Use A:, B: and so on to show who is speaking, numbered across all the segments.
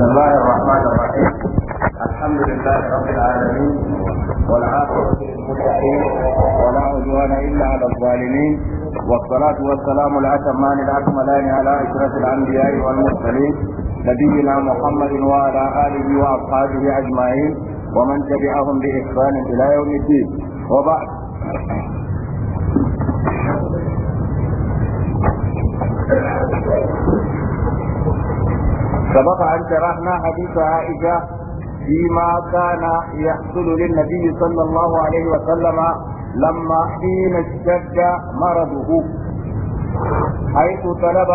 A: بسم الله الرحمن الرحيم الحمد لله رب العالمين والعاقبة للمتقين ولا عدوان إلا على الظالمين والصلاة والسلام الأتمان الأكملان على أشرف الأنبياء والمرسلين نبينا محمد وعلى آله وأصحابه أجمعين ومن تبعهم بإحسان إلى يوم الدين وبعد سبق أن شرحنا حديث عائشة فيما كان يحصل للنبي صلى الله عليه وسلم لما حين اشتد مرضه حيث طلب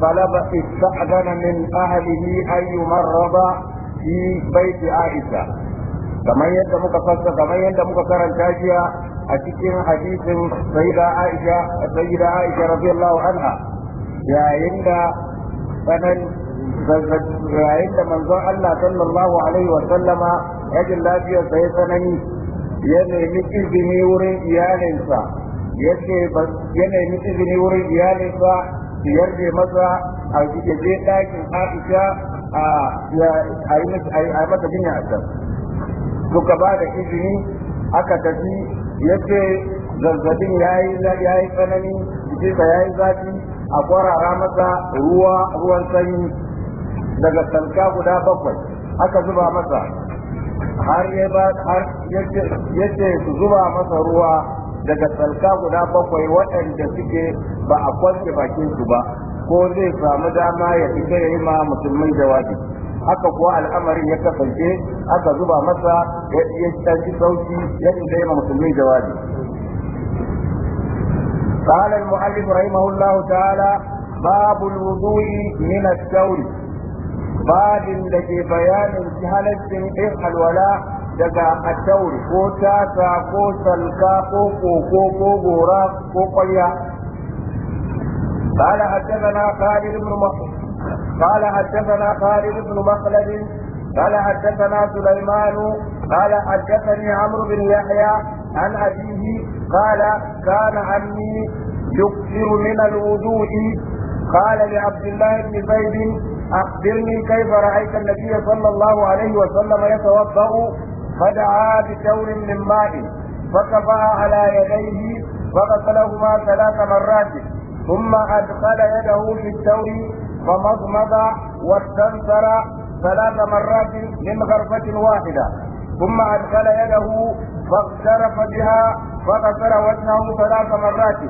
A: طلب استأذن من أهله أن يمرض في بيت عائشة كما يندمك فسر كما يندمك كرنتاجيا أتكين حديث سيدة عائشة سيدة عائشة رضي الله عنها يا عند فمن yayin da manzon Allah sallallahu alaihi wa sallama yajin lafiyar sa ya tsanani ya nemi izini wurin iyalinsa yace ya nemi izini wurin iyalinsa su yarje masa a je ɗakin Aisha a masa jinya a can suka ba da izini aka tafi yace zazzabin ya yi tsanani jikinsa ya yi zafi a kwarara masa ruwa ruwan sanyi daga salka guda bakwai aka zuba masa har ya ce su zuba masa ruwa daga salka guda bakwai waɗanda suke ba a kwanke bakin su ba ko zai samu dama ya fita ya yi ma musulmin jawabi haka kuwa al'amarin ya kasance aka zuba masa ya ci sauki ya fita ya ma musulmin jawabi قال المؤلف رحمه الله تعالى باب الوضوء من الثور babin الذي بيان bayanin من yin الولاء daga atauri ko tasa ko salka ko koko ko قال حدثنا خالد بن قال حدثنا خالد بن مخلد قال حدثنا سليمان قال حدثني عمرو بن يحيى عن أبيه قال كان عمي يكثر من الوضوء قال لعبد الله بن زيد أخبرني كيف رأيت النبي صلى الله عليه وسلم يتوضأ فدعا بثور من ماء فكفأ على يديه فغسلهما ثلاث مرات ثم أدخل يده في الثور فمضمض واستنثر ثلاث مرات من غرفة واحدة ثم أدخل يده فاغترف بها فغسل وجهه ثلاث مرات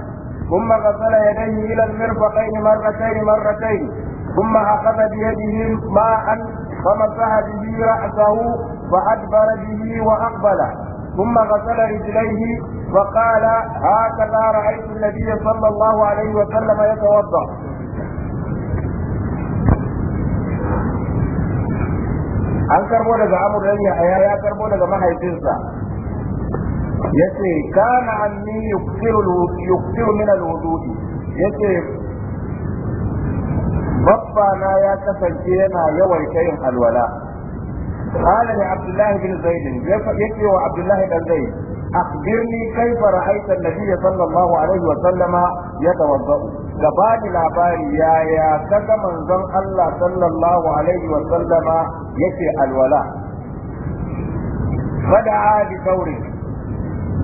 A: ثم غسل يديه إلى المرفقين مرتين مرتين ثم أخذ بيده ماء فمسح به رأسه فأدبر به وأقبل ثم غسل رجليه وقال هكذا رأيت النبي صلى الله عليه وسلم يتوضأ an karbo daga amurin ya aya ya karbo daga mahaifinsa ya ce kana anni yukfiru min al-wudu ya babbana ya kasance yana yawaita yin alwala qala li abdullah bin zaid yake wa abdullah dan zaid akhbirni kayfa ra'aita an-nabiy sallallahu alaihi wa sallama yatawaddau ka ba ni labari yaya kaga manzon Allah sallallahu alaihi wa sallama yake alwala fada bi kauri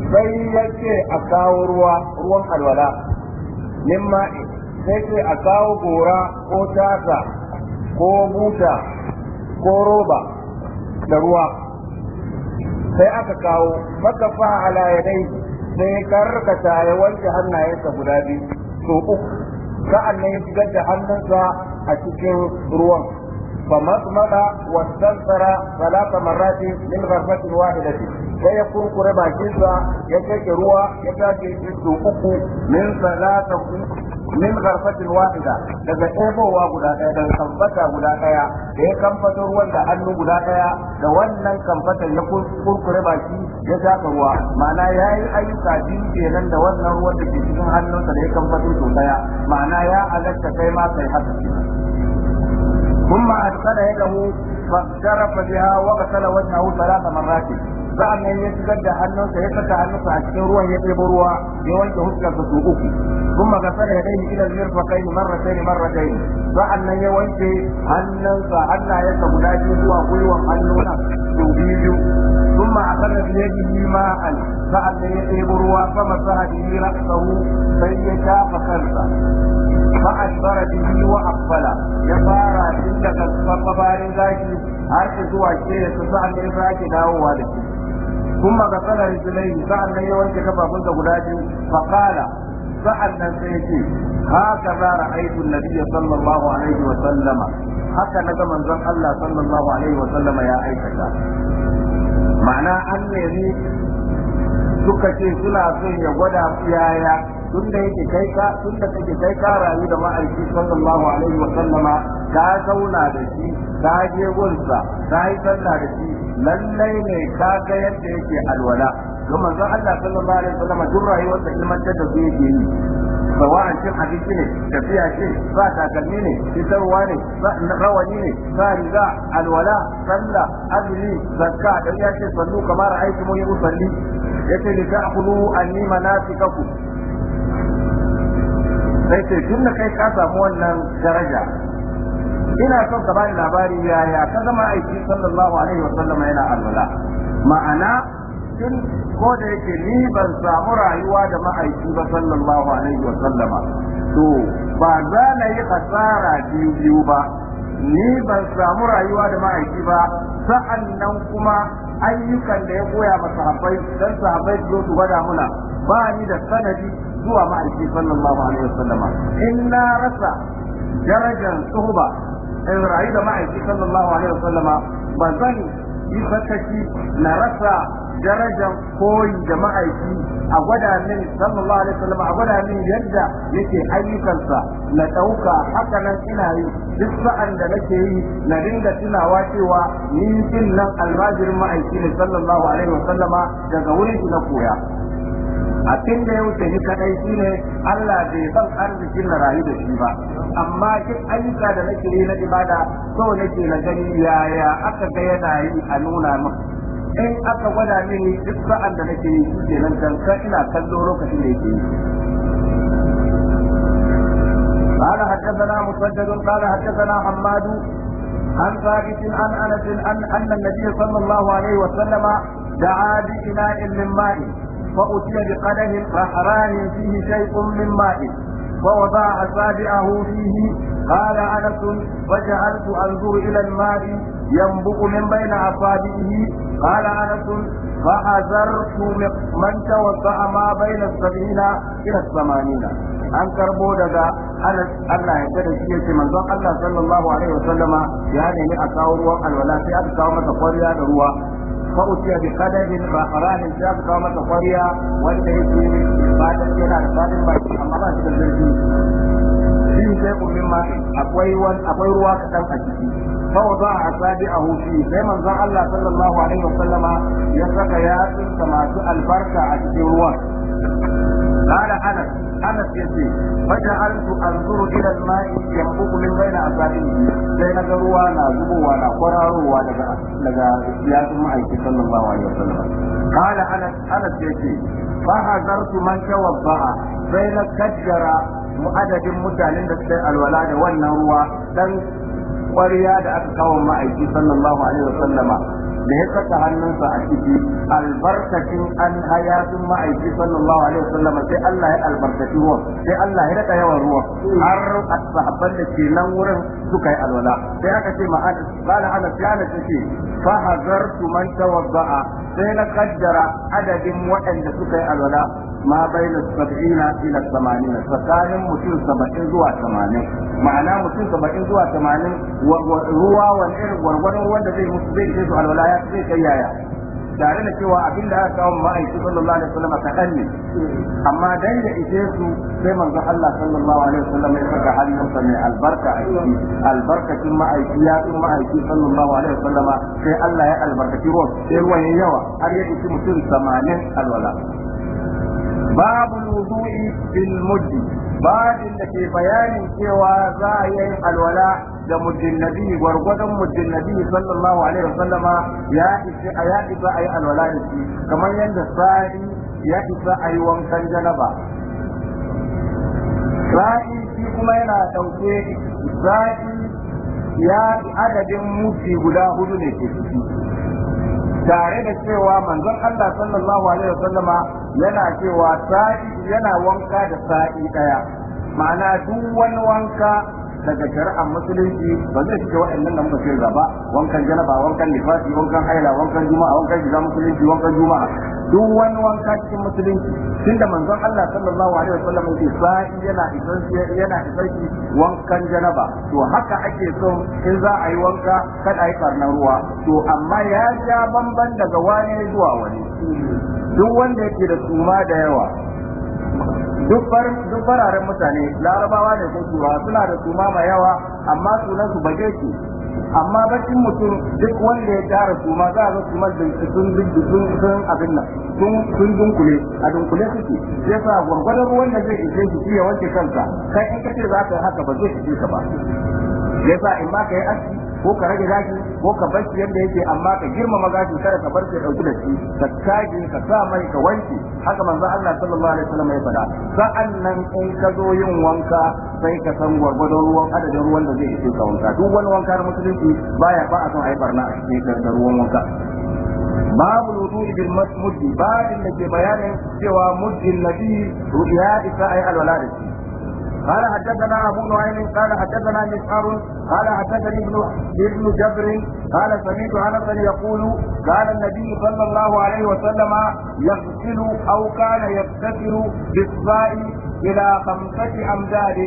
A: sai yake a kawo ruwan alwala sai ce a kawo gora ko tasa ko buta ko roba da ruwa sai aka kawo maka fa ala sai karkata ya wanke hannayensa guda biyu so uku sa'an nan ya shigar da hannunsa a cikin ruwan فمضمض واستنثر ثلاث مرات من غرفة واحدة sai ya kurkure bakinsa ya kake ruwa ya tashi isu uku min salata min garfatin wahida daga ɗebowa guda ɗaya daga kamfata guda ɗaya da ya kamfato ruwan da hannu guda ɗaya da wannan kamfatan ya kurkure baki ya shafa ruwa ma'ana ya yi ayyuka biyu kenan da wannan ruwan da ke cikin hannunsa da ya kamfato sau ɗaya ma'ana ya halatta kai ma kai haka ثم أدخل يده فاقترف بها وغسل وجهه kamar مرات sa'annan ya shigar da hannunsa ya saka hannunsa a cikin ruwan ya ɗebo ruwa ya wanke huskarsa su uku ثم غسل يديه الى المرفقين مرتين مرتين sa'annan ya wanke hannunsa hannayensa guda biyu zuwa gwiwan hannuna sau biyu ثم أخذ بيده ماء فأتى يطيب الروا فمسح به رأسه فيشاف خلفه فأشبر به وأقبل يصار عند فقبار ذاك هل تزوى الشيء تسعى الإفراج له ولده ثم غسل رجليه سعد لن يوانك كفا كنت قداتي فقال سعد نسيتي هكذا رأيت النبي صلى الله عليه وسلم haka na ga manzon Allah sallallahu alaihi wa sallama ya aikata ma'ana an nemi suka ce suna son ya gwada yaya tun da yake kai ka tun da kake kai ka rayu da ma'aiki sallallahu alaihi wa sallama ka zauna da shi ka je gunsa ka yi sallah da shi lallai ne ka ga yadda yake alwala ga manzon Allah sallallahu alaihi wa sallama duk rayuwar da ilmantar da su yake yi sawa'an cin abinci ne tafiya ce ba takalmi ne fitarwa ne rawani ne ba riga alwala sallah azumi zakka dan ya ce sallu kamar aiki mun yi usalli yace li ta'khulu anni manasikakum sai ce tun da kai ka samu wannan daraja ina son ka bani labari yaya ka zama aiki sallallahu alaihi wa sallam yana alwala ma'ana tun ko da yake ni ban samu rayuwa da ma'aiki ba sallallahu alaihi wa sallama to ba za na yi hasara biyu biyu ba ni ban samu rayuwa da ma'aiki ba sa'annan kuma ayyukan da ya koya ma sahabbai dan sahabbai su zo su gwada muna ba ni da sanadi zuwa ma'aiki sallallahu alaihi wasallam in na rasa darajar suhba in rayu da ma'aiki sallallahu alaihi wasallam ba zan yi fataki na rasa darajar koyi da ma'aiki a gwada min sallallahu alaihi wasallam a gwada min yadda yake ayyukansa na ɗauka haka nan ina yi duk sa'an da nake yi na dinga tunawa cewa ni din nan almajirin ma'aiki ne sallallahu alaihi wasallama daga wurin shi na koya A da ya wuce ni kadai shine Allah bai san arzikin na rayu da shi ba amma duk ayyuka da nake yi na ibada so nake na gani yaya aka ga yana yi a nuna min in aka gwada mini duk sa'an da nake yi shi kenan kan ina kallo lokacin da yake yi قال حدثنا مسدد قال حدثنا حماد عن ثابت عن انس ان ان النبي صلى الله عليه وسلم دعا بإناء من ماء فأتي بقدح رحران فيه شيء من ماء ووضع أصابعه فيه قال أنس فجعلت أنظر إلى الماء ينبق من بين أصابعه قال أنس فأزرت من توسع ما بين السبعين إلى الثمانين an karbo daga Anas Allah ya da shi yace manzon Allah sallallahu alaihi wasallama ya nemi a kawo ruwan alwala sai aka kawo masa kwarya da ruwa فأتي بقدر فأران الجاب قامة قرية والتهجي بعد الجلال بعد البيت أما الله تبذل shi sai kullum ma akwai wani akwai ruwa kaɗan a ciki kawo za a sabi a hushi sai manzon Allah sallallahu alaihi wasallama ya saka yatsunsa masu albarka a cikin ruwan قال انس انس يسير فجعلت انظر الى الماء sai na ga ruwa na zubowa na kwararowa daga daga yasin ma'aikin sallallahu alaihi wasallam qala anas anas yace fa hadartu man tawabba'a sai na kaddara mu'adadin mutanen da suka alwala da wannan ruwa dan kwariya da aka kawo ma'aiki sallallahu alaihi wasallama da ya saka hannunsa a ciki albarkacin an hayatun ma'aiki sallallahu alaihi wasallam sai Allah ya albarkaci ruwan sai Allah ya rika yawan ruwan har ashabban da ke nan wurin suka yi alwala sai aka ce ma an bala ana tsana take fa hazartu man tawadda'a sai na kaddara adadin waɗanda suka yi alwala ma baina sab'ina ila samanina tsakanin mutum saba'in zuwa tamanin ma'ana mutum saba'in zuwa tamanin ruwa wani irin wanda zai musu zai ce su alwala ya zai kai yaya tare da cewa abin da aka kawo ma'aiki sallallahu alaihi wasallam kaɗan ne amma dan ya ishe su sai manzo Allah sallallahu alaihi wasallam ya saka hannunsa mai albarka a albarkacin ma'aiki ya tun ma'aiki sallallahu alaihi wasallam sai Allah ya albarkaci ruwan sai yawa har ya mutum 80 babu wudu'i bil muddi babin da ke bayanin cewa za a yi alwala da muddin nabi gwargwadon muddin nabi sallallahu alaihi ya isa a yi alwala da shi kamar yadda sa'i ya isa a yi wankan janaba sa'i shi kuma yana ɗauke sa'i ya adadin muti guda hudu ne ke ciki tare da cewa manzon Allah sallallahu alaihi wasallama yana cewa sa'i yana wanka da sa'i daya ma'ana duk wani wanka daga shari'ar musulunci ba zai cike waɗannan nan muka ba wankan janaba wankan nifasi wankan haila wankan juma'a wankan shiga musulunci wankan juma'a duk wani wanka cikin musulunci da manzon Allah sallallahu alaihi wasallam yake sa'i yana isan yana isan wankan janaba to haka ake so in za a yi wanka kada a yi ruwa to amma ya ja bamban daga wani zuwa wani duk wanda yake da suma da yawa duk fararen mutane larabawa ne ko suwa suna da suma mai yawa amma sunan su bage ce amma bakin mutum duk wanda ya tara suma za a ga suma da sun sun sun abin nan sun sun dunkule a dunkule suke sai sa gwargwadon ruwan da zai ishe shi ya wanke kansa kai in kace za ka haka ba zai ishe ka ba sa in ma ka yi aski ko ka rage gashi ko ka bar shi yadda yake amma ka girmama gashi kada ka bar shi dauki da shi ka kage ka sa mai ka wanke haka manzo Allah sallallahu alaihi wasallam ya faɗa sa'annan in ka zo yin wanka sai ka san gwargwadon ruwan adadin ruwan da zai ishe ka wanka duk wani wanka na musulunci baya ba a son a barna a cikin da ruwan wanka babu wudu'i Ibn masmudi babin da ke bayanin cewa muddin nabi ru'ya isa ay alwala da shi قال حدثنا ابو نعيم قال حدثنا مسعر قال حدثني ابن ابن جبر قال سمعت انس يقول كان النبي صلى الله عليه وسلم يغسل او كان يغتسل بالصاع الى خمسه امداد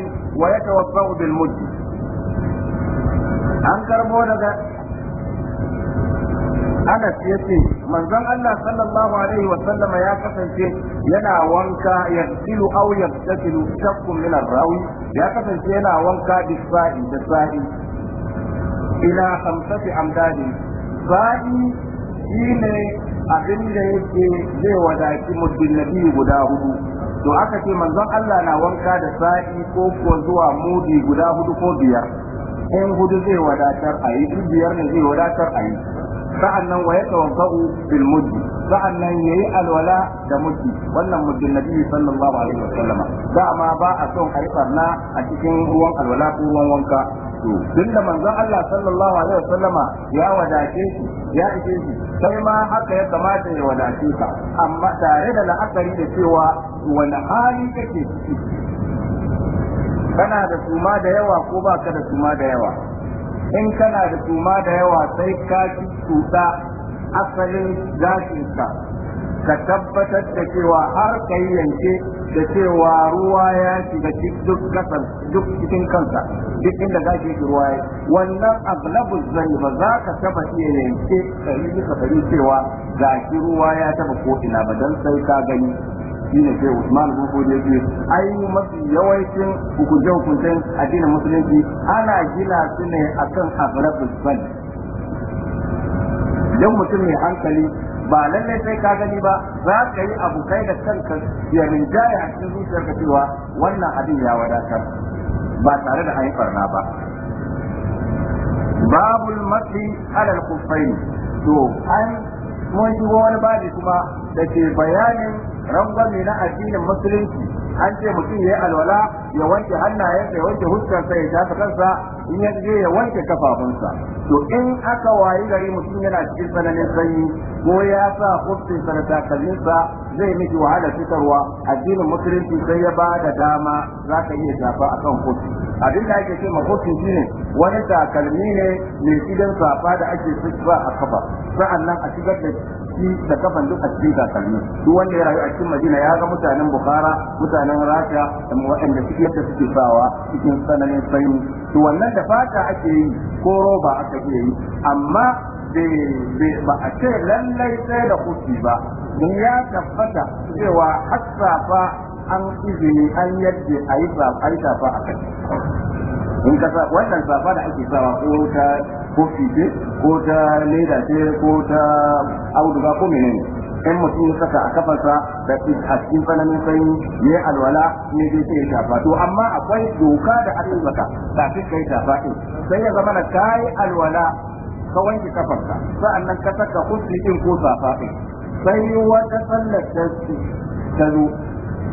A: ويتوفى بالمد. انكر مولد Anas ya ce manzon Allah sallallahu alaihi wa sallam ya kasance yana wanka ya tilu au ya tatilu shakku min rawi ya kasance yana wanka da sa'i da sa'i ila khamsati amdadi sa'i shine abin da yake zai wadaci muddin nabi guda hudu to aka ce manzon Allah na wanka da sa'i ko ko zuwa mudi guda hudu ko biyar in hudu zai wadatar a yi biyar ne zai wadatar a yi sa'annan wa yatawaffa'u bil mudd sa'annan yayi alwala da mudi wannan muddin nabi sallallahu alaihi wasallama dama ba a son a yi barna a cikin ruwan alwala ko ruwan wanka tun da manzon Allah sallallahu alaihi wasallama ya wadace shi ya ishe shi sai ma haka ya kamata ya wadace ka amma tare da la'akari da cewa wani hali kake ciki kana da suma da yawa ko ba ka da suma da yawa in kana da tuma da yawa sai ka ci tuta asalin gashinka ka tabbatar da cewa har ka yi yanke da cewa ruwa ya shiga duk kasan duk cikin kansa duk inda gashi yi ruwa ya wannan aglabu zai ba za ka taba iya yanke ɗari bisa ɗari cewa ga ruwa ya taba ko ina ba dan sai ka gani shine sai Usman bin Fodi yake ai mafi yawancin hukunce hukuncen addinin musulunci ana gina su ne akan aghrabul fan dan mutum mai hankali ba lallai sai ka gani ba za ka yi abu kai da kanka ya rinjaye a cikin zuciyar cewa wannan abin ya wadatar ba tare da haifar farna ba babul mafi alal kufai to an mun shigo wani babi kuma da ke bayanin rangwame na addinin musulunci an ce mutum ya yi alwala ya wanke hannayensa ya wanke huskarsa ya shafa kansa in ya je ya wanke kafafunsa to in aka wayi gari mutum yana cikin tsananin sanyi ko ya sa sa da takalminsa zai miki wahala fitarwa addinin musulunci sai ya ba da dama za ka iya shafa akan kotu. abin da ake ce ma shi ne wani takalmi ne mai gidan safa da ake fitba a kafa sa'annan a shigar da datti da kafan duk a cikin takalmi duk wanda ya rayu a cikin Madina ya ga mutanen Bukhara mutanen Rasha da waɗanda suke yadda suke sawa cikin tsananin sanyi to wannan da fata ake yi ko roba aka ke yi amma ba a ce lallai sai da kuki ba don ya tabbata cewa hassafa an izini an yadda a yi safa a kai wannan safa da ake sawa ko ta kofi ce ko ta leda ce ko ta auduga ko menene in mutum ya saka a kafarsa da a cikin tsananin sanyi ya alwala ne zai sai ya shafa to amma akwai doka da aka saka kafin kai shafa ɗin sai ya zama na yi alwala ka wanke kafarka sa'annan ka saka kofi ko safa ɗin sai wata sallar ta zo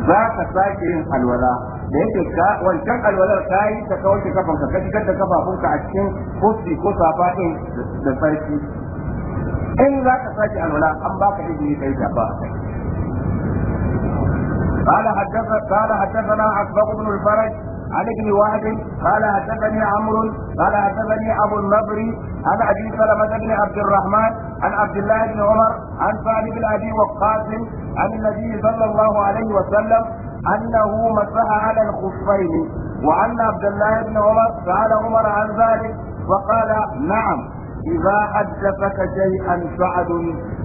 A: za ka sake yin alwala da yake ka wancan alwalar ka yi ta kawace kafan ka shigar da kafafunka a cikin kofi ko safa din da sarki in za ka sake alwala an baka izini kai ta ba قال حدثنا قال حدثنا عقبه بن الفرج عن ابن وهب قال حدثني عمرو قال حدثني ابو النضر عن ابي سلمه بن عبد الرحمن عن عبد الله بن عمر عن سعد بن ابي وقاص عن النبي صلى الله عليه وسلم انه مسح على الخفين وعن عبد الله بن عمر سال عمر عن ذلك فقال نعم إذا حدثك شيئا سعد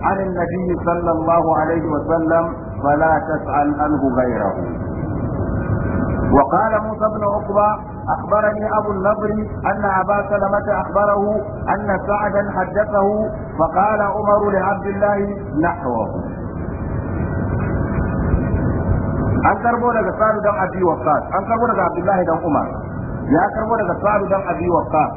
A: عن النبي صلى الله عليه وسلم فلا تسأل عنه غيره وقال موسى بن عقبة أخبرني أبو النضر أن أبا سلمة أخبره أن سعدا حدثه فقال عمر لعبد الله نحوه an karbo daga sa'adu dan abi waqqas an karbo daga abdullahi dan umar ya karbo daga sa'adu dan abi waqqas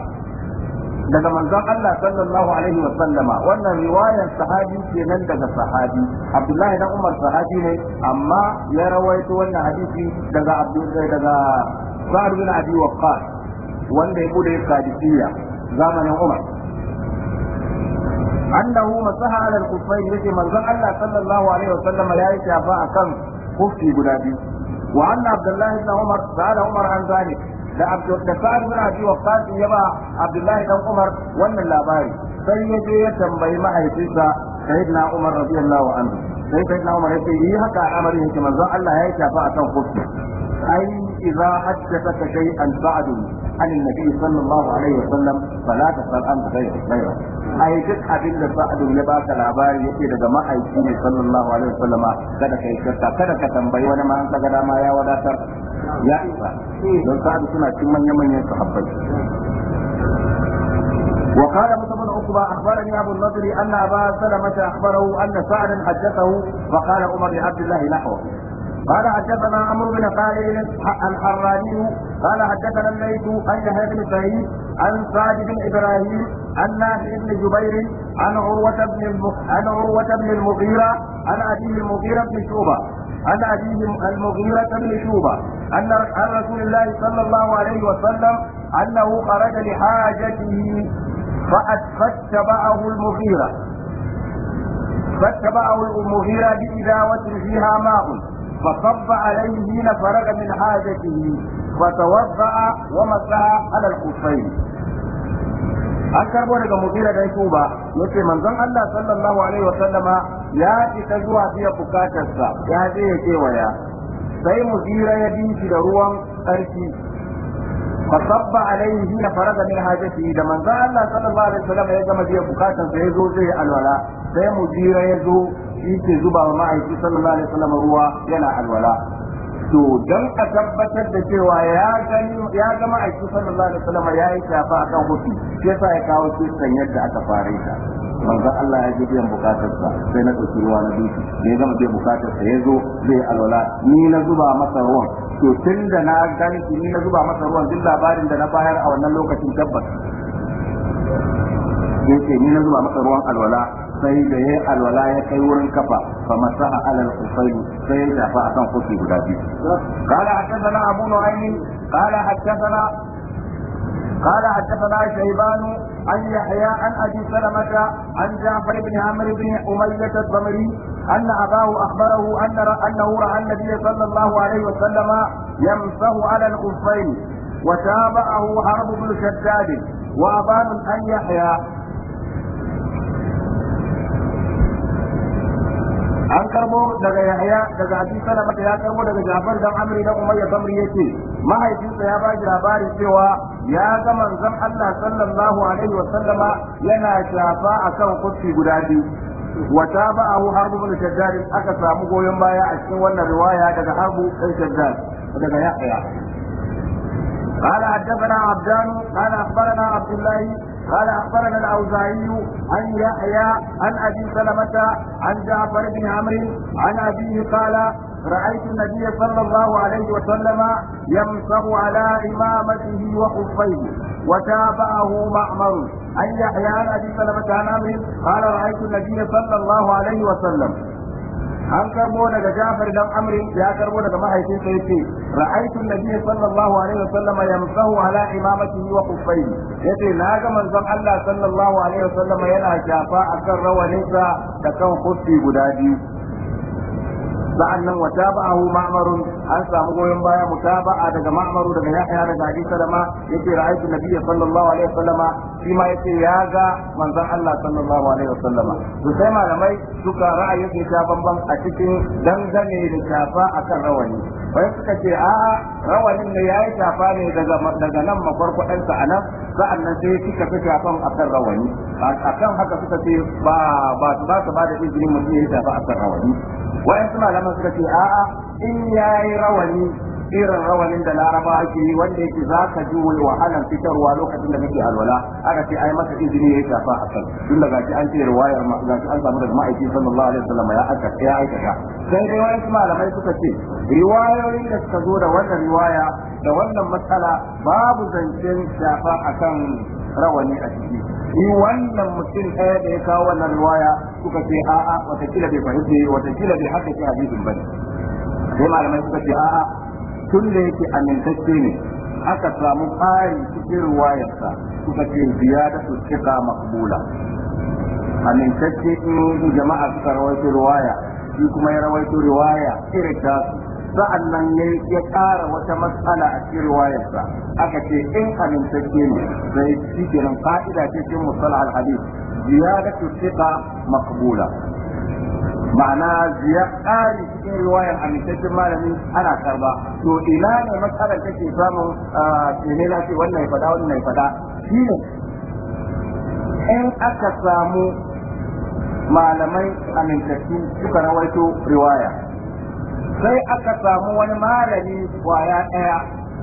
A: daga manzon Allah sallallahu alaihi wa sallama wannan riwayar sahabi kenan daga sahabi Abdullahi dan Umar sahabi ne amma ya rawaito wannan hadisi daga Abdullahi daga Sa'd bin Abi Waqqas wanda ya bude Qadisiyya zamanin Umar annahu masaha ala al-kuffayn yake manzon Allah sallallahu alaihi wa sallama ya yi shafa akan kufi guda biyu wa Abdullahi ibn Umar sa'ala Umar an da abdul da sa'ad bin abi waqqas ya ba abdullahi dan umar wannan labari sai ya je ya tambayi mahaifinsa sayyidina umar radiyallahu anhu sai sayyidina umar ya ce yi haka al'amari yake manzon Allah ya yi shafa akan kufi ai idza haddatha shay'an fa'adu عن النبي صلى الله عليه وسلم فلا تسأل عن غيره غيره ai duk abin da sa'ad ya baka labari yake daga ma'aiki ne sallallahu alaihi wasallama kada kai shakka kada ka tambayi wani ma an kaga dama ya wadatar ya isa don sa'ad suna cikin manyan manyan sahabbai وقال موسى بن عقبة أخبرني أبو النضر أن أبا سلمة أخبره أن سعدا حدثه فقال عمر لعبد الله نحوه قال حدثنا عمرو بن خالد الحراني قال حدثنا الليث عن يحيى بن سعيد عن سعد بن ابراهيم عن نافع بن جبير عن عروة بن عن عروة بن المغيرة عن أبيه المغيرة بن شوبة عن أبيه المغيرة بن شوبة أن عن رسول الله صلى الله عليه وسلم أنه خرج لحاجته فاتبعه المغيرة فاتبعه المغيرة بإداوة فيها ماء فصب عليه حين فرغ من حاجته فتوضأ ومسح على الخفين an karbo daga mutira da yake ba yace manzon Allah sallallahu alaihi wasallama ya fita zuwa biya bukatarsa ya je ya waya. sai mutira ya dinki da ruwan tsarki فصب عليه حين فرغ من حاجته ده من ذا الله صلى الله عليه وسلم يا جماعه يا بكاتا زي زو sai mujira ya zo shi ke zuba wa ma'aiki sallallahu alaihi wasallam ruwa yana alwala to dan a tabbatar da cewa ya gani ya ga ma'aiki sallallahu alaihi wasallam ya yi shafa akan hutu yasa ya kawo kan yadda aka fare ta manzo Allah ya ji biyan sa sai na dauki ruwa na duki ne zama gama bukatar sa ya zo zai alwala ni na zuba masa ruwan to tun da na gani ni na zuba masa ruwan duk labarin da na bayar a wannan lokacin tabbas ce ni na zuba masa ruwan alwala sai da ya alwala ya kai wurin kafa fa masaha alal qusayl sai da fa akan kuki guda biyu kala hadathana abu nu'aymi kala hadathana kala hadathana shaybanu an yahya an abi salamata an ja'far ibn amr ibn umayyah tamri أن أباه أخبره أن أنه رأى النبي صلى الله عليه وسلم يمسه على الخفين وتابعه حرب بن شداد وأبان أن يحيى an karbo daga yahya daga abi salama ya karbo daga jafar dan amri dan umayya ya ce. mahaifinsa ya bashi labari cewa ya ga manzon Allah sallallahu alaihi wa sallama yana shafa akan kufi guda biyu wa tabahu harbu bin shaddad aka samu goyon baya a cikin wannan riwaya daga harbu bin shaddad daga yahya قال حدثنا عبدان قال اخبرنا عبد قال اخبرنا الاوزاعي عن يحيى عن ابي سلمه عن جعفر بن عمرو عن ابيه قال رايت النبي صلى الله عليه وسلم يمسح على امامته وخفيه وتابعه معمر عن يحيى عن ابي سلمه عن عمرو قال رايت النبي صلى الله عليه وسلم an karbo daga Jafar dan Amr ya karbo daga mahaifinsa yace ra'aytu an-nabiy sallallahu alaihi wasallam yamsahu ala imamatihi wa kuffayhi yace na ga manzon Allah sallallahu alaihi wasallam yana shafa akan rawaninsa da kan kuffi guda biyu sa'annan wa tabahu ma'marun an samu goyon baya mutaba'a daga ma'amaru daga yahya daga abi salama yace ra'aytu nabiyya sallallahu alaihi wasallama shi ma yace ya ga manzon Allah sallallahu alaihi wasallama to sai malamai suka ra'ayi ke ta bamban a cikin dangane da shafa akan rawani bai suka ce a rawanin ne yayi shafa ne daga daga nan makwarkwadan sa anan sa'annan sai suka fi shafan akan rawani akan haka suka ce ba ba su ba da izinin mutum ya shafa akan rawani wa'in suna malaman suka ce a'a in ya yi rawani irin rawanin da laraba ake yi wanda yake za ka ji wani wahalar fitarwa lokacin da nake alwala aka ce ai masa izini ya shafa a kan tun da gashi an ce ruwayar ma gashi an samu daga ma'aiki sallallahu alaihi wasallam ya aka ya aikata sai dai wani malamai suka ce riwayoyin da suka zo da wannan riwaya da wannan matsala babu zancen shafa akan rawani a ciki ni wannan mutum ɗaya da ya kawo wannan riwaya suka ce a'a watakila bai fahimci watakila bai haka shi hadisin bane sai malamai suka ce a'a tun da yake amintacce ne aka samu ƙari cikin ruwayarsa suka ce ziyada su cika makbula amintacce in jama'a suka rawaito ruwaya shi kuma ya rawaito ruwaya irin tasu sa'an nan ya ƙara wata matsala a cikin ruwayarsa aka ce in amintacce ne sai shi kenan fa'ida cikin musal al-hadith su cika makbula ma'ana ziya ƙari cikin riwayar amintaccen malami ana karba to ina ne matsalar take samun ah, tsere na ce wannan ya faɗa wannan ya faɗa shi ne in aka samu malamai amintattu suka rawaito riwaya sai aka samu wani malami kwaya ɗaya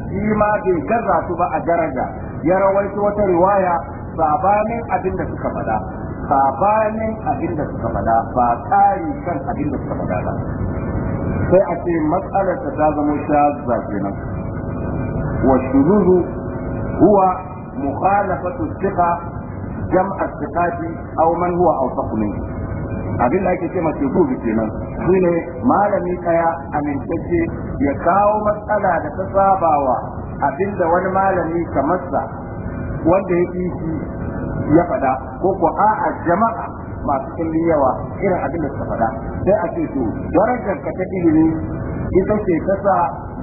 A: shi ma bai gaza su ba a daraja ya rawaito wata riwaya sabanin abin da suka faɗa sabanin abin da suka faɗa ba kari kan abin da suka faɗa ba sai a ce matsalar ta zama shazza kenan
B: wa shuruzu
A: huwa mukhalafatu thiqa jam'a thiqati aw man huwa awsaq min, abin da ake ce mace gobe kenan shine malami kaya amintacce ya kawo matsala da ta sabawa abin da wani malami kamar sa wanda ya fi ya faɗa ko ko a'a jama'a masu kallon yawa irin abin da suka faɗa sai a ce to darajar ka ta ilimi ita ce ta sa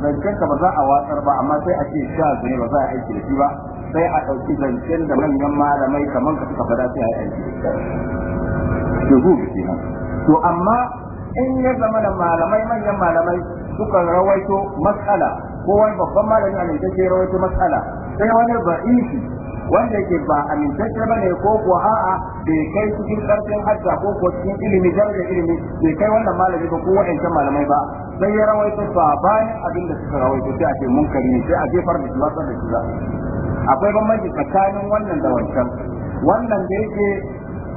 A: zancen ka ba za a watsar ba amma sai a ce sha zai ba za a aiki da shi ba sai a ɗauki zancen da manyan malamai kamar ka suka faɗa sai a yi aiki da
B: kenan
A: to amma in ya zama da malamai manyan malamai suka rawaito matsala ko wani babban malami a ne take rawaito matsala sai wani baisi wanda yake ba amintacce ba ne ko kuwa a'a bai kai cikin karfin hajja ko kuwa cikin ilimi daraja ilimi bai kai wannan malami ba ko wa'ancan malamai ba sai ya rawaito bayan abin da suka rawaito sai a ce munkari ne sai a jefar da shi wasan da shi akwai bambanci tsakanin wannan da wancan wannan da yake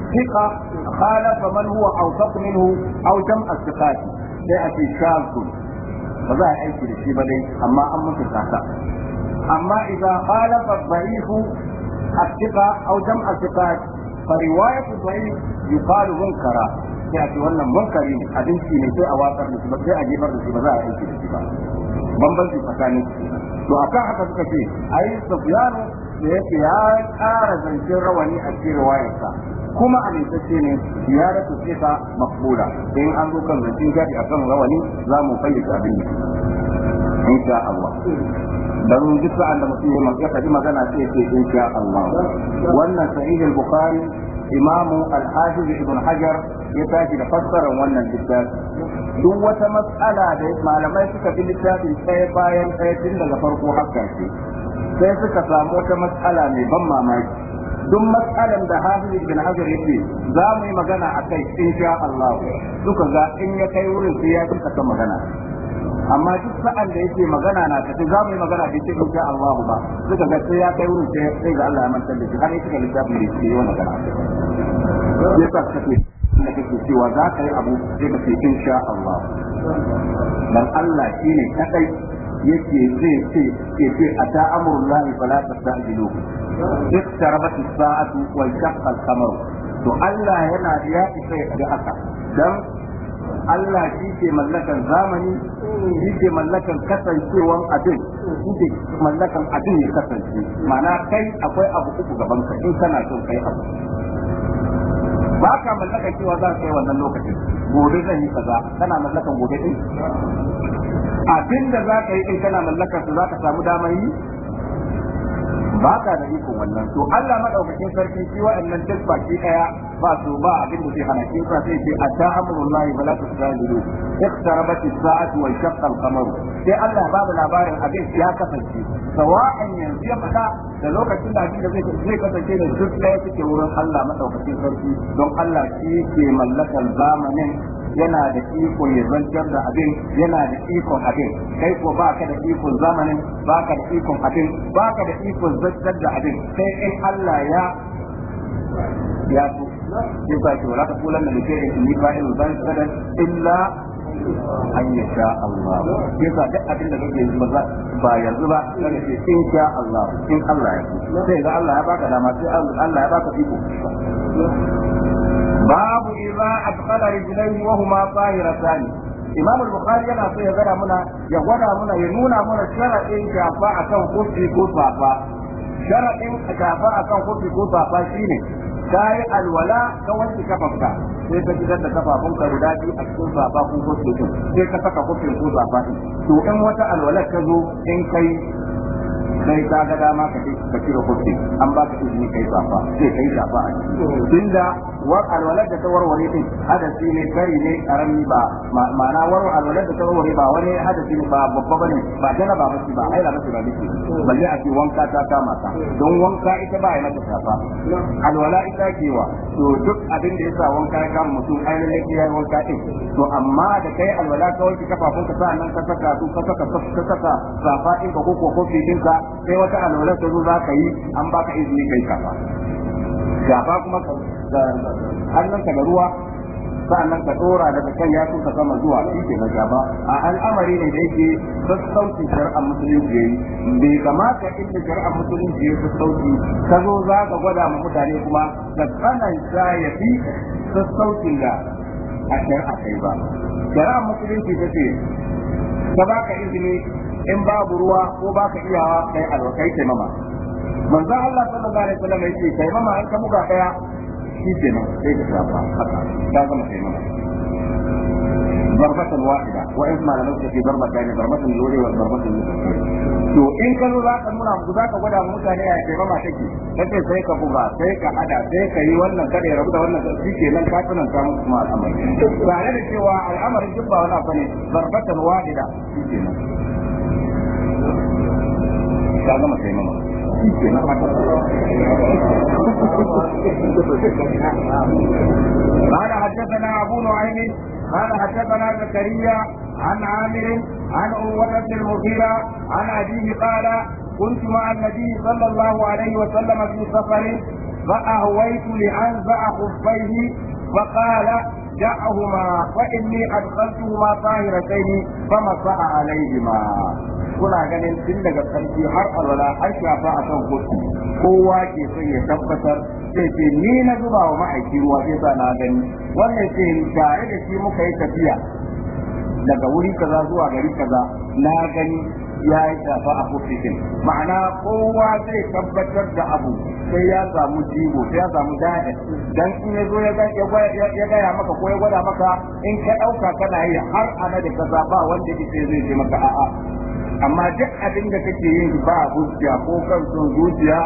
A: ثقة خالف من Autak Minhu منه Asikati, sai a ce ba za a aiki da shi ba dai amma an mutu kasa amma idan khalafa dhaifu الثقة أو جمع الثقات فرواية الضعيف يقال منكرا يأتي ولا منكرين أبنتي من شيء أواصر نسبة شيء أجيب نسبة لا أجيب نسبة من بل في فكان to akan haka suka ce ai sufyanu da yake ya kara zancen rawani a cikin riwayarsa kuma amintacce ne ziyaratu ce ta maqbula in an zo kan zancen gadi akan rawani za mu fayyace abin insha dan duk sa'an da mutum ya magana kaji magana sai ce insha Allah wannan sahih al-bukhari imamu al-hafiz ibn hajar ya tashi da fassarar wannan littafi duk wata matsala da malamai suka bi littafin ɗaya bayan ɗaya tun daga farko haka ce sai suka samu wata matsala mai ban mamaki duk matsalan da hafiz ibn hajar yake za mu yi magana a kai insha Allah duka ga in ya kai wurin sai ya duka ta magana amma duk sa'an da yake magana na tafi za mu yi magana bai ce insha Allah ba suka ga sai ya kai wurin sai ga Allah ya mantar da shi har yake ga littafin da yake yawan magana yasa kake da kake cewa za ka yi abu sai ka ce insha Allah dan Allah shine kadai yake zai ce ke ce a ta ata amrullahi fala Duk ta as-sa'atu wa shaqqa al-qamar to Allah yana da ya isa ya da haka dan Allah shi ke mallakan zamani shi ke mallakan kasancewan abin shi ke mallakan abin ya kasance ma'ana kai akwai abu uku gaban ka in kana son kai abu ba ka mallakan cewa za ka yi wannan lokacin gobe zan yi kaza kana mallakan gobe din abin da za ka yi in kana mallakan su za ka samu damar yi ba ka da ikon wannan to Allah madaukakin sarki shi wa'annan duk baki daya ba su ba abin da zai hana shi sa sai ce atta amrullahi fala tusajidu iqtarabat as-sa'atu wa shaqqa al-qamar sai Allah ba da labarin abin ya kasance sawa'an yanzu ya fada da lokacin da abin da zai kasance da duk daya suke wurin Allah madaukakin sarki don Allah shi ke mallakar zamanin yana da iko ya zantar da abin yana da ikon abin kai ko baka da ikon zamanin baka da ikon abin baka da ikon zantar da abin sai in Allah ya ya so yasa ki wala ta kulan da ke in ni ba fa'il zan sada illa an yasha Allah yasa duk abin da kake yi maza ba yanzu ba kan ce in sha Allah in Allah ya sai ga Allah ya baka dama sai Allah ya baka iko babu idza adkhala rijlaihi وهما طاهرتان tahiratan imam al-bukhari yana so ya ya gwada muna ya nuna muna sharadin shafa akan kofi ko safa sharadin shafa akan kofi ko safa shine kai alwala ka wanke kafafa sai ka gidan da kafafun ka guda a cikin safa ko kofi sai ka saka kofin ko din in wata alwala ta zo in kai sai ka ga dama ka ce ka cire kofi an ba ka izini kai safa sai kai safa a cikin war alwalad da ta din hadasi ne kari ne karami ba ma'ana war alwalad da ta ba wani hadasi ne ba babba bane ba kana ba bace ba haila bace ba bace balle a ci wanka ta kama ta don wanka ita ba ai mata safa alwala ita kewa to duk abin da yasa wanka ya kama mutum ai lalle ke yayi wanka din to amma da kai alwala ka wanke kafafun ka nan ka saka su ka saka ka saka safa din ka ko ko kofi din ka sai wata alwala ta zo za ka yi an baka izini kai kafa shafa kuma ka da ruwa sa'annan ka dora daga kan yatsu ka sama zuwa shi ke na gaba a al'amari ne da yake sassauci shari'ar musulunci yi bai kamata inda shari'ar musulunci yayi sassauci ka zo za ka gwada ma mutane kuma da tsanan sa ya fi sassaucin da a shari'a kai ba shari'ar musulunci ta ce ka baka izini in babu ruwa ko ba baka iyawa kai alwakai taimama manzo Allah sallallahu alaihi wasallam yace kai mama an ka buga daya shi nan sai ka shafa haka ta zama kai mama ضربة واحدة وإما على نفسك في ضربة ثانية ضربة wa والضربة ne to in ka zo za ka nuna mu zaka ka gwada mutane a kai mama take kace sai ka buga sai ka hada sai ka yi wannan kada ya rabu da wannan shi nan ka tunan ta musu kuma al'amari tare da cewa al'amarin duk ba wani abu ne darbatan wahida shi nan ka gama kai mama قال حدثنا ابو نعيم قال حدثنا زكريا عن عامر عن عروة بن المغيرة عن أبيه قال كنت مع النبي صلى الله عليه وسلم في سفر فأهويت لأنزع خفيه فقال دعهما فإني أدخلتهما طاهرتين فمسح عليهما kuna ganin tun daga sarki har alwala har shafa a kan kotu kowa ke son ya tabbatar sai ce ni na zuba wa ma'aiki ruwa sai sa na gani wannan ce tare da shi muka yi tafiya daga wuri kaza zuwa gari kaza na gani ya yi shafa a kotu ma'ana kowa zai tabbatar da abu sai ya samu jibo sai ya samu da'a dan in ya zo ya gaya maka ko ya gwada maka in ka ɗauka kana yi har ana da kaza ba wanda ke zai ce maka a'a amma duk abin da kake yin ba hujja ko kan son zuciya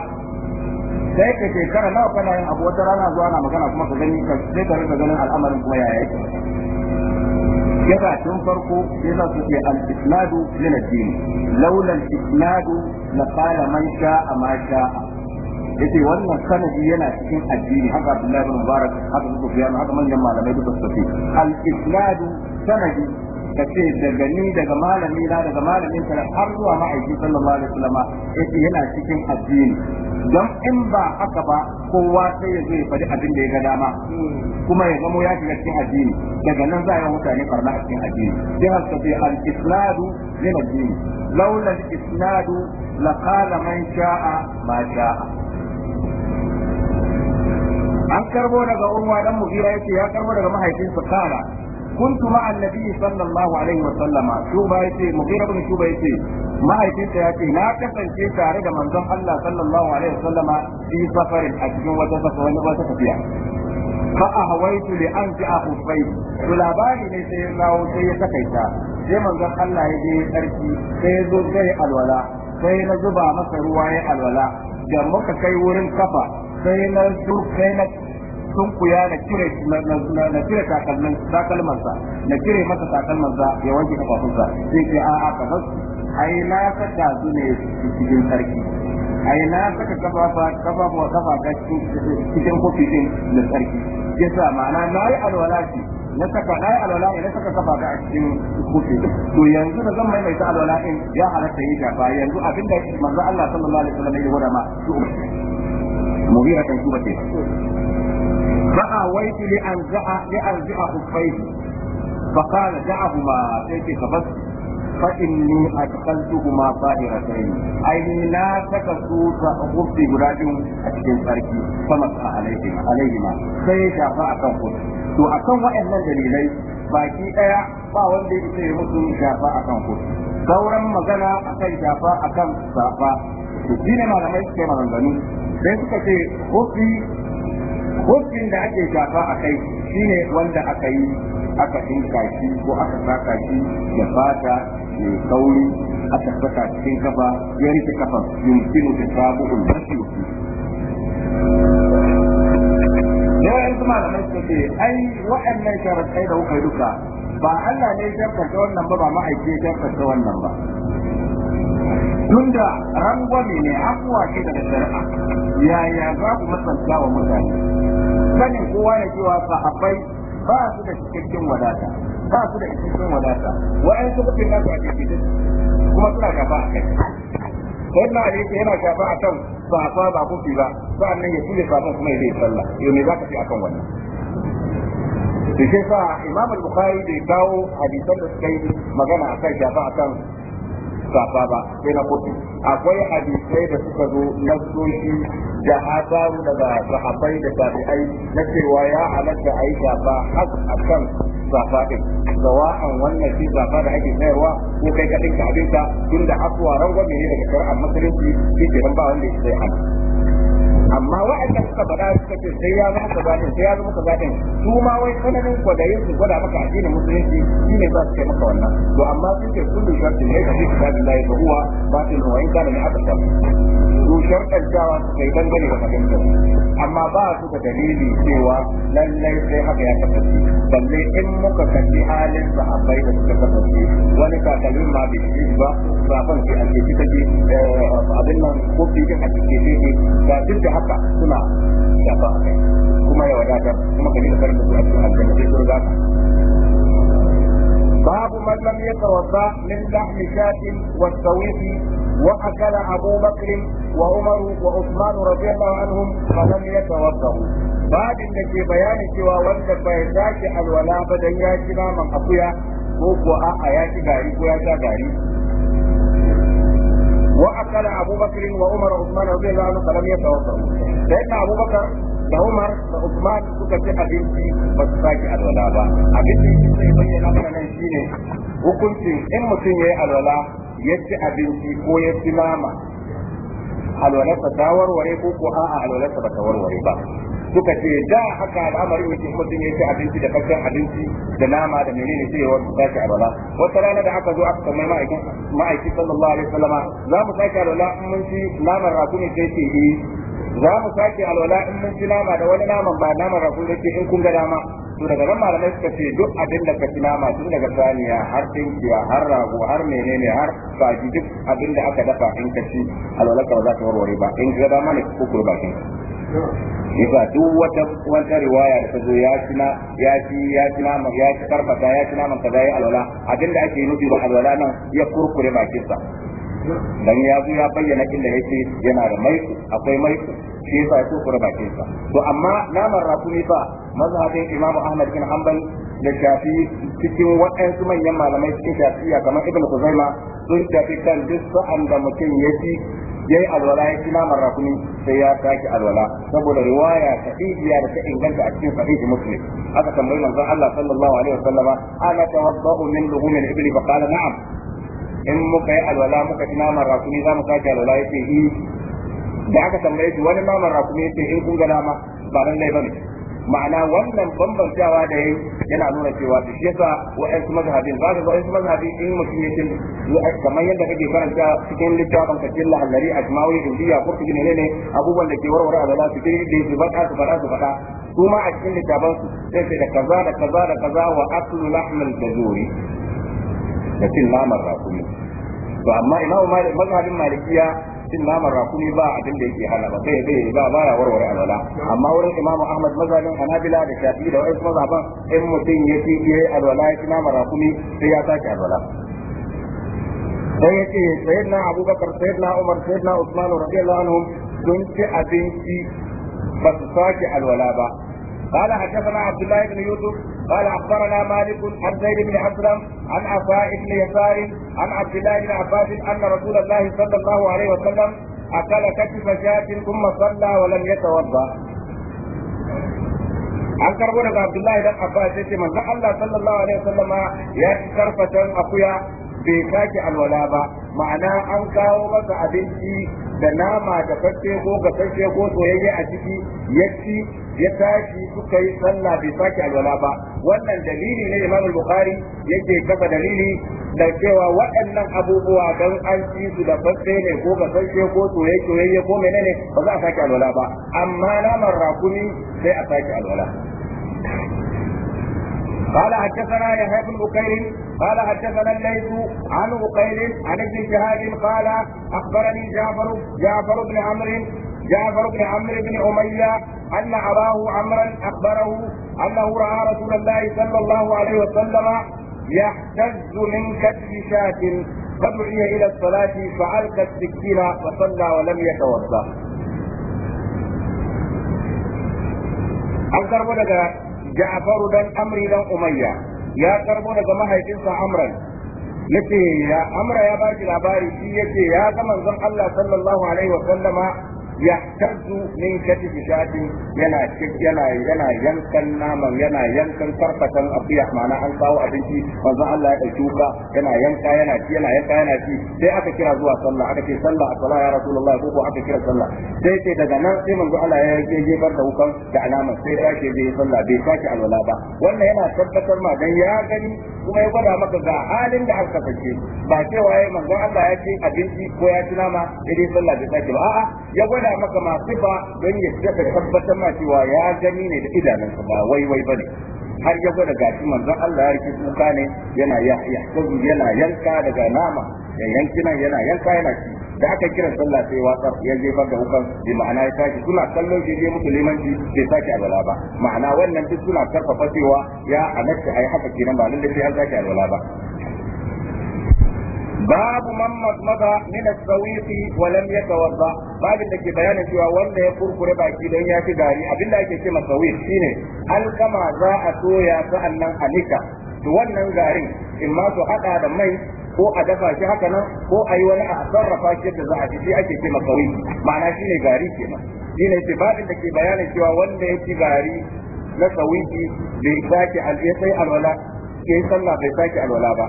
A: sai ka shekara nawa kana yin abu wata rana zuwa na magana kuma ka gani ka sai ka rika ganin al'amarin kuma yaya yake yasa tun farko yasa su ce al-isnadu min ad-din laula al-isnadu la qala man sha'a ma sha'a yace wannan sanadi yana cikin addini haka Abdullahi bin Mubarak haka Sufyan haka manyan malamai duka su ce al-isnadu sanadi ka ce daga ni daga malami na daga malamin ka har zuwa ma'aiki sallallahu alaihi wasallam yake yana cikin addini don in ba haka ba kowa sai ya zo ya faɗi abin da ya ga dama kuma ya zamo ya shiga cikin addini daga nan za a yi mutane barna a cikin addini sai har ka ce al isnadu min addini laula al isnadu man sha'a ma sha'a an karbo daga urwa dan mugira yace ya karbo daga mahaifinsa kala كنت مع النبي صلى الله عليه وسلم شوبا يتي مغيرة بن شوبا يتي ما يتي يتي لا كسن شيء تارد من ذنب الله صلى الله عليه وسلم في سفر أجل وتسفر وتسفر فأهويت لأنجع خفين تلاباني ليس يلاو سيئة كيسا sai manzon Allah ya je sarki sai ya zo zai alwala sai na zuba masa ruwa ya alwala da muka kai wurin kafa sai na sai na sunkuya na cire na cire takalman takalmansa na cire masa takalmansa ya wanke kafafunsa sai ce a'a ka bar ai na saka su ne cikin sarki ai na saka kafafa kafafuwa kafafa cikin kofi din na sarki ya sa ma'ana na yi alwala na saka na yi alwala na saka kafa ga a cikin kofi to yanzu da zan maimaita alwala in ya halatta yi gaba yanzu abinda manzo Allah sallallahu alaihi wasallam ya gwada ma su mugira kan su bace فآويت لأرجع لأرجع خفيه فقال دعهما سيتي فبس فإني أدخلتهما طاهرتين أي لا تكسو خفتي براد أتكين تركي فمسح عليهما عليهما سيشا فأكم خفتي تو أكم وإن دليلي baki ɗaya ba wanda ya ce musu shafa akan kuɗi sauran magana akan shafa akan safa to shine malamai suke maganganu sai suka ce kuɗi hukin da ake shafa a kai shi ne wanda aka yi aka dinka shi ko aka saka shi da fata da kauri aka saka cikin kafa ya rike kafa yumkinu ta sabu ulbashi yawan su malamai suka ce ai waɗannan kai da wuka duka ba Allah ne ya wannan ba ba ma'aiki ya wannan ba tunda rangwame ne afuwa ke da shari'a yaya za ku masanta wa mutane sanin kowa ya cewa sahabbai ba su da cikakken wadata ba su da cikakken wadata wa'yan su kafin nasu a cikin kuma suna gaba a kai sai ali alifin yana shafa a kan safa ba kofi ba nan ya tule safan kuma ya zai sallah yau me za ka ce akan wannan to sai sa imam al-bukhari da kawo hadisan da suka yi magana kan shafa a kan. Safa ba sai na kofi akwai hadisai da suka zo na soshi da hazaru daga sahabbai da tabi'ai na cewa ya halatta a yi safa har a kan safa ɗin sawa'an wannan shi safa da ake sayarwa ko kai kaɗin ka tun tunda afuwa rangwame ne daga shar'an musulunci shi ke ba wanda ya sai hana amma wa'anda suka faɗa suka ce sai ya zama kazanin sai ya zama kazanin su ma wai tsananin kwadayin su gwada maka addinin musulunci ne ba su kai maka wannan to amma sun ce kullu shartin ne ka fi kitabillahi ta huwa batil wa in kana min samu su sharɗantawa su kai dangane da fahimtar amma ba su da dalili cewa lallai sai haka ya kasance balle in muka kalli halin sahabbai da suka kasance wani takalmin ma bai shi ba safan ke a ciki take abin nan ko fiye a ciki take ga duk da haka suna shafa a kai kuma ya wadatar kuma ka da karfa su a cikin aljanna sai sun gasa باب من لم يتوضا من لحم شاة والسويق واكل ابو بكر وعمر وعثمان رضي الله عنهم فلم يتوضاوا بعد انك بيان سوى وانت بيزاك الولاء بدن ياكي من اخويا ko ko a'a ya ci gari ko واكل ابو بكر وعمر وعثمان رضي الله عنهم فلم يتوضاوا سيدنا ابو بكر da Umar da Usman suka ci abinci ba su sake alwala ba abin da yake bayyana mana nan shine hukuncin in mutum yayi alwala ya ci abinci ko ya ci nama alwalarsa ta warware ko ko a'a alwalarsa ba ta warware ba suka ce da haka al'amari yake mutum ya ci abinci da kakken abinci da nama da menene sai ya sake alwala wata rana da aka zo aka tambayi ma'aikin ma'aikin sallallahu alaihi wasallama za mu sake alwala in mun ci naman rakumi sai ce eh za mu sake alwala in mun ci nama da wani naman ba naman rafu da ke in kun ga dama to daga nan malamai suka ce duk abin da ka ci nama tun daga saniya har tinkiya har rago har menene har kaji duk abin da aka dafa in ka ci alwala ka za ta warware ba in ga dama ne ko kurba bakin yasa duk wata wata riwaya da ta zo ya ci na ya ci ya ci nama ya ci karfata ya ci naman kaza ya alwala abin da ake nufi da alwala nan ya kurkure sa dan ya zo ya bayyana inda yake yana da mai akwai mai shi yasa ya kofar bakin sa to amma naman rakumi fa mazhabin imamu ahmad bin hanbal da shafi cikin waɗansu manyan malamai cikin shafiya kamar ibnu kuzaima sun shafi kan duk sa'an da mutum ya ci ya yi alwala ya ci naman rakumi sai ya sake alwala saboda riwaya ta ibiya da ta inganta a cikin sahihi muslim aka tambayi manzon Allah sallallahu alaihi wasallama ana tawaddau min lughumil ibli fa qala na'am in muka yi alwala muka ci naman rakumi za mu sake alwala ce yi hmm. da aka tambaye shi wani naman rakumi ce in eh, kun ga dama ba lallai bane ma'ana wannan bambancewa da yayi yana nuna cewa da shi yasa wa'ansu mazhabin ba ga wa'ansu mazhabin in mutum ya cin kamar yadda kake karanta cikin littafin kacin lahallari ajmawi indiya kurtubi ne ne abubuwan da ke warware alwala su dai su faɗa su faɗa su faɗa su ma a cikin littafin su sai da kaza da kaza da kaza wa aslu lahmil jazuri da cin naman rakumi to amma imamu malik mazhabin malikiya cin naman rakumi ba abin da yake hana ba sai bai ba ba ya warware alwala amma wurin imamu ahmad mazhabin hanabila da shafi'i da wasu mazhaban in mutum ya ci yayi alwala ya ci naman rakumi sai ya sake alwala sai ya ce na abubakar na umar na usman radiyallahu anhum sun ci abinci ba su sake alwala ba قال حدثنا عبد الله بن يوسف قال اخبرنا مالك عن زيد بن اسلم عن عفاء بن يسار عن عبد الله بن عباس ان رسول الله صلى الله عليه وسلم اكل كتف شاة ثم صلى ولم يتوضا an karbo daga abdullahi dan abbas yace manzon Allah sallallahu alaihi wasallama ya karfatan akuya bai sake alwala ba ma'ana an kawo masa abinci da nama da fashe ko gasashe ko soyayye a ciki ya ci ya tashi suka yi sallah bai sake alwala ba wannan dalili ne imam bukhari yake kafa dalili da cewa waɗannan abubuwa don an ci su da fashe ne ko gasashe ko soyayye ko menene ba za a sake alwala ba amma naman rakuni sai a sake alwala قال حدثنا يحيى بن بكير قال حدثنا الليث عن بكير عن ابن شهاب قال اخبرني جعفر جعفر بن عمرو جعفر بن عمرو بن اميه ان اباه عمرا اخبره انه راى رسول الله صلى الله عليه وسلم يحتز من كتف شاة فدعي الى الصلاه فالقى السكين فصلى ولم يتوضا. أنكر ولد ja'faru dan amri dan umayya ya karbo daga mahaifinsa amran yace ya amra ya ba shi labari shi yace ya ga manzon Allah sallallahu alaihi wa sallama yahtazzu min katifi shati yana yana yana yankan naman yana yankan farfatan akuya Mana an kawo abinci manzon Allah ya dauki wuka yana yanka yana ci yana yanka yana ci sai aka kira zuwa sallah aka ce sallah a sallah ya rasulullahi ko aka kira sallah sai sai daga nan sai manzon Allah ya yanke jefar da wukan da alama sai ya ce zai sallah bai sake alwala ba wannan yana tabbatar ma dan ya gani kuma ya gwada maka ga halin da aka fice ba cewa ya manzon Allah ya ce abinci ko ya ci nama sai sallah bai sake ba a'a ya Yana maka masu ba don ya ka tabbatar ma cewa ya gani ne da ka ba waiwai ba ne har ya gwada gashi manzon Allah ya rike kuka ne yana ya yana yanka daga nama ya yanki nan yana yanka yana ci da aka kira sallah sai wasa ya je da hukan bi ma'ana ya tashi suna kallon shi je musu shi sai saki alwala ba ma'ana wannan duk suna karfafa cewa ya anatta ai haka kenan ba lalle sai an saki alwala ba babu man mazmaza min as-sawiqi wa lam yatawadda babin ke bayanin cewa wanda ya kurkure baki don ya ci gari abinda ake ce masawiq shine alkama za a soya sa'annan a nika to wannan garin in ma su da mai ko a dafa shi hakanan ko a yi wani a sarrafa shi yadda za a ci shi ake ce masawi ma'ana shine gari kenan shine ce babin da ke bayanin cewa wanda ya ci gari na sawiki bai sake alwala sai sallah bai sake alwala ba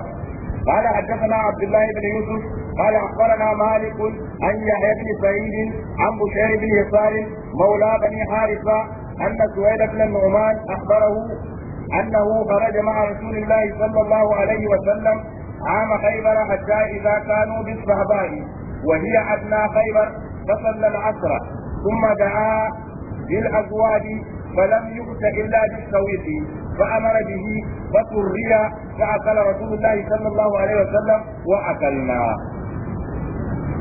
A: قال حدثنا عبد الله بن يوسف قال اخبرنا مالك عن يحيى بن سعيد عن بشير بن يسار مولى بني حارثه ان سويد بن النعمان اخبره انه خرج مع رسول الله صلى الله عليه وسلم عام خيبر حتى اذا كانوا بالصهباء وهي ادنى خيبر فصلى العصر ثم دعا للازواج فلم يؤت الا بالسويق فأمر به فطري فأكل رسول الله صلى الله عليه وسلم وأكلنا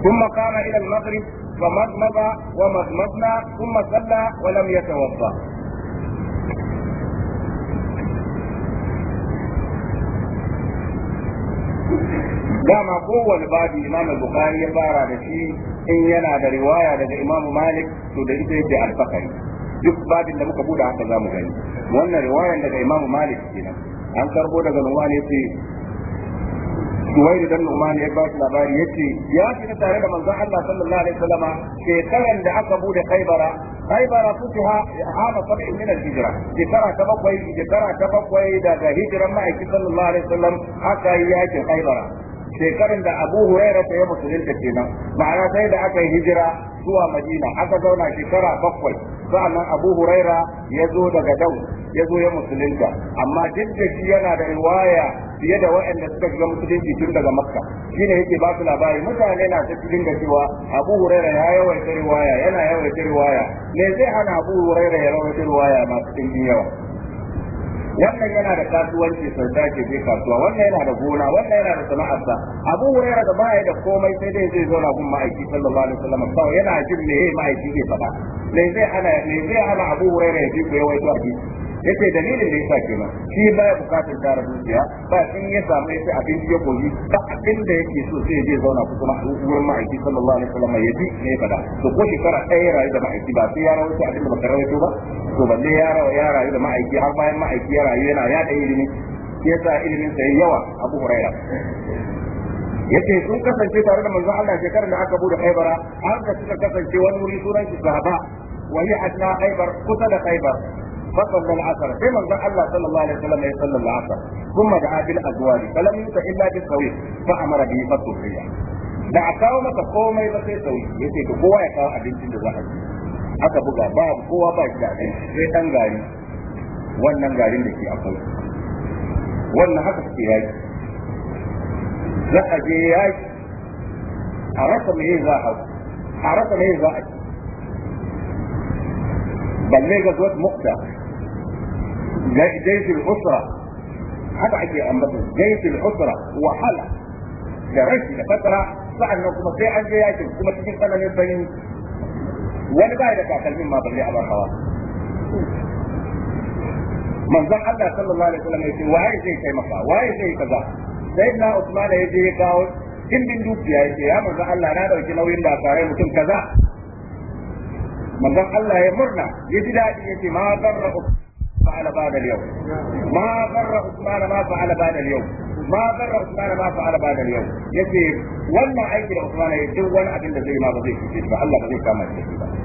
A: ثم قام إلى المغرب فمضمض ومضمضنا ثم صلى ولم يتوضأ ما قوة بعد الإمام البخاري بارا إن ينا رواية لدى إمام مالك تدريسه في الفقر duk babin da muka buɗe haka zamu gani wannan riwayar daga imamu Malik kenan an karbo daga Numan ce suwai dan Numan ya basu labari yace ya fi na tare da manzon Allah sallallahu alaihi wasallama shekaran da aka bude kaibara Khaibara ya hama sabai min al-hijra shekara ta bakwai shekara ta bakwai daga hijiran ma'aikatan sallallahu alaihi wasallam haka yi yakin Khaibara Shekarun da Abu Huraira ta ya musulunta kenan ma'ana sai da aka yi hijira zuwa Madina aka zauna shekara bakwai sa'annan Abu Huraira ya zo daga dau, ya zo ya musulunta amma duk da shi yana da riwaya fiye da waɗanda suka shiga musulunci tun daga Makka Shi shine yake ba su labari mutane na ta cikin da cewa Abu Huraira ya yawaita riwaya yana yawaita riwaya me zai hana Abu Huraira ya rawaita riwaya masu cikin yawa wannan yana da kasuwanci sarda ke je kasuwa wannan yana da gona wannan yana da sana'arsa abu huraira da baya da komai sai dai zai zauna gun ma'aiki sallallahu alaihi wasallam sau yana jin me ma'aiki zai faɗa ne zai ana me zai ana abu huraira ya ji a yace dalilin da yasa kenan shi ba ya bukatar tara zuciya ba shi ya samu yace abin ya koyi ba abin da yake so sai je zauna ku kuma wurin ma'aiki sallallahu alaihi wasallam ya ji ne fada to ko shekara ɗaya rayu da ma'aiki ba sai ya rawaito abin da baka rawaito ba to balle ya rawa ya rayu da ma'aiki har bayan ma'aiki ya rayu yana yada ilimi yasa ilimin sa yawa abu huraira yace sun kasance tare da manzon Allah shekarar da aka bude Khaybar har da suka kasance wani wuri sunan shi sahaba wani adna Khaybar kusa da Khaybar فصلى العصر في من الله صلى الله عليه وسلم يصلى العصر ثم دعا بالازواج فلم يؤت الا بالطويل فامر به فالسخريه da a kawo masa komai ba sai sauyi ya ce to kowa ya kawo abincin da za a ci aka buga ba kowa ba shi da abinci sai dan gari wannan garin da ke akwai wannan haka suke yaki za a je yaki a rasa me za a a rasa me za a ci balle ga zuwa mukta جيش جاي في الاسره هبعت يا امبابا الاسره وحلا جريت لفتره صح انه كنت مطيع عن جياته وما تجيب انا للبنين وانا بعد اتعلم ما بلي على الخواص من ذا حدا صلى الله عليه وسلم يسير وهي زي كي مصر وهي زي كذا سيدنا عثمان يجي يقول ان من دوب يا يجي يا من ذا الله نادر يجي نوين باقاري مثل كذا من ذا الله يمرنا يجي لا يجي ما ذر فعل بعد اليوم ما ضر عثمان ما فعل بعد اليوم ما ضر عثمان ما فعل بعد اليوم يجي ولا عيد عثمان يجي ولا عبد الله زي ما بضيف في الله الله بضيف كما يجي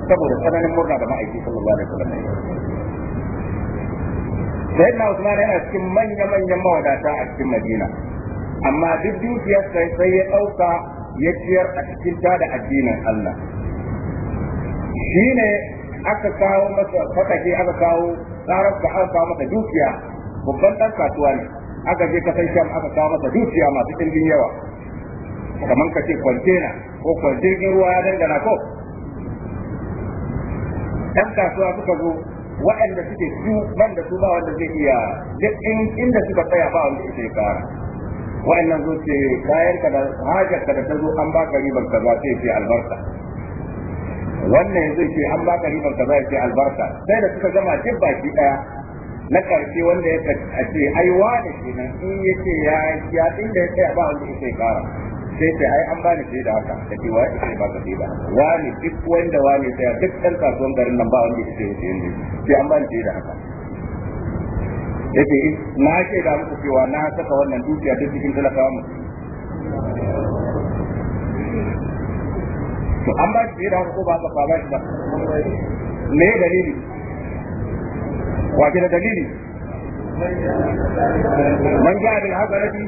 A: تقول أنا نمرنا بما يجي صلى الله عليه وسلم سيدنا عثمان هنا اسكن من يمن يمو دا تا اسكن مدينة أما بديو في السي سي أوسا يجير اسكن تا دا الدين الله شيني أكا كاو مسا فتاكي أكا كاو tsarar da aka samu masa dukiya babban ɗan kasuwa ne aka je ka san sham aka samu masa dukiya masu ɗimbin yawa kamar ka ce kwantena ko kwantenin ruwa ya dangana ko ɗan kasuwa suka zo waɗanda suke su ban da su ba wanda zai iya duk inda suka tsaya ba wanda yake kara waɗannan zo ce kayan ka da hajar da ta zo an ka ribar ka za ce albarka wannan zai ce an baka riban kaza ya ce albarka sai da suka gama duk baki daya na karshe wanda ya ce ai wani kenan in ya ce ya ya inda ya tsaya ba wanda ya ce kara sai ce ai an bani sai da haka da ce wani sai ba ka sai da haka wani duk wanda wani sai duk ɗan kasuwan garin nan ba wanda ya sai ya sai an bani sai da haka yace eh, na ce da muku cewa na saka wannan dukiya duk cikin talakawa mu to an ba shi fiye da haka ko ba ka ba shi ba me dalili Wa ke da dalili man ja bil hasanati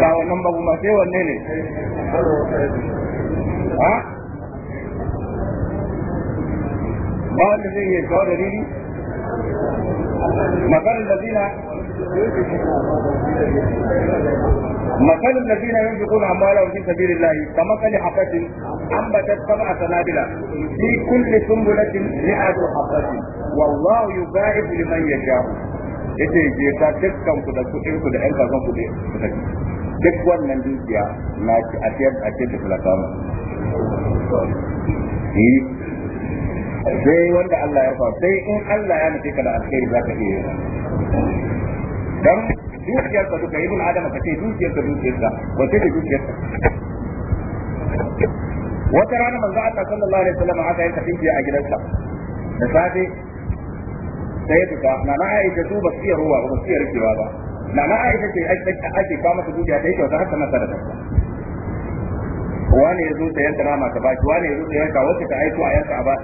A: ba wannan ba kuma sai wanne ne ha ba wanda zai yi kawo dalili maganar da zina مثل الذين ينفقون اموالهم في سبيل الله كمثل حبة أنبتت سبع سنابل في كل سنبلة مئة حبة والله يباعد لمن يشاء yace je ta dukkan ku da kuɗin ku da ƴan kasan ku duk wannan dukiya na ci a ce a ciyar sai wanda Allah ya fa sai in Allah ya nufi ka da alkhairi zaka iya dan dukiyar ka duka ibn adam ka ce dukiyar ka dukiyar ka ko ce dukiyar ka wata rana manzo Allah sallallahu alaihi wasallam haka ya tafi a gidansa da safe sai duka na na aisha su ba su iya ruwa ba su iya rikewa ba na na aisha ce ake ba masa dukiya ta yi kyauta har ta masa da wani ya zo ta yanka nama ta baki wani ya zo ta yanka wacce ta aiko a yanka a ba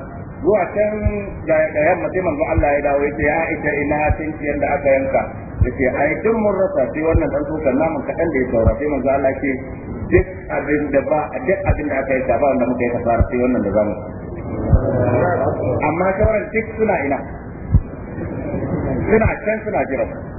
A: zuwa can da yamma sai manzo Allah ya dawo yace ya aisha ina tinkiyar da aka yanka yace ai duk mun rasa sai wannan dan tsokar namun kaɗan da ya saura sai manzo Allah ke duk abin da ba duk abin da aka yi ba wanda muka yi kafara sai wannan da zamu
B: amma sauran duk suna ina suna can suna jira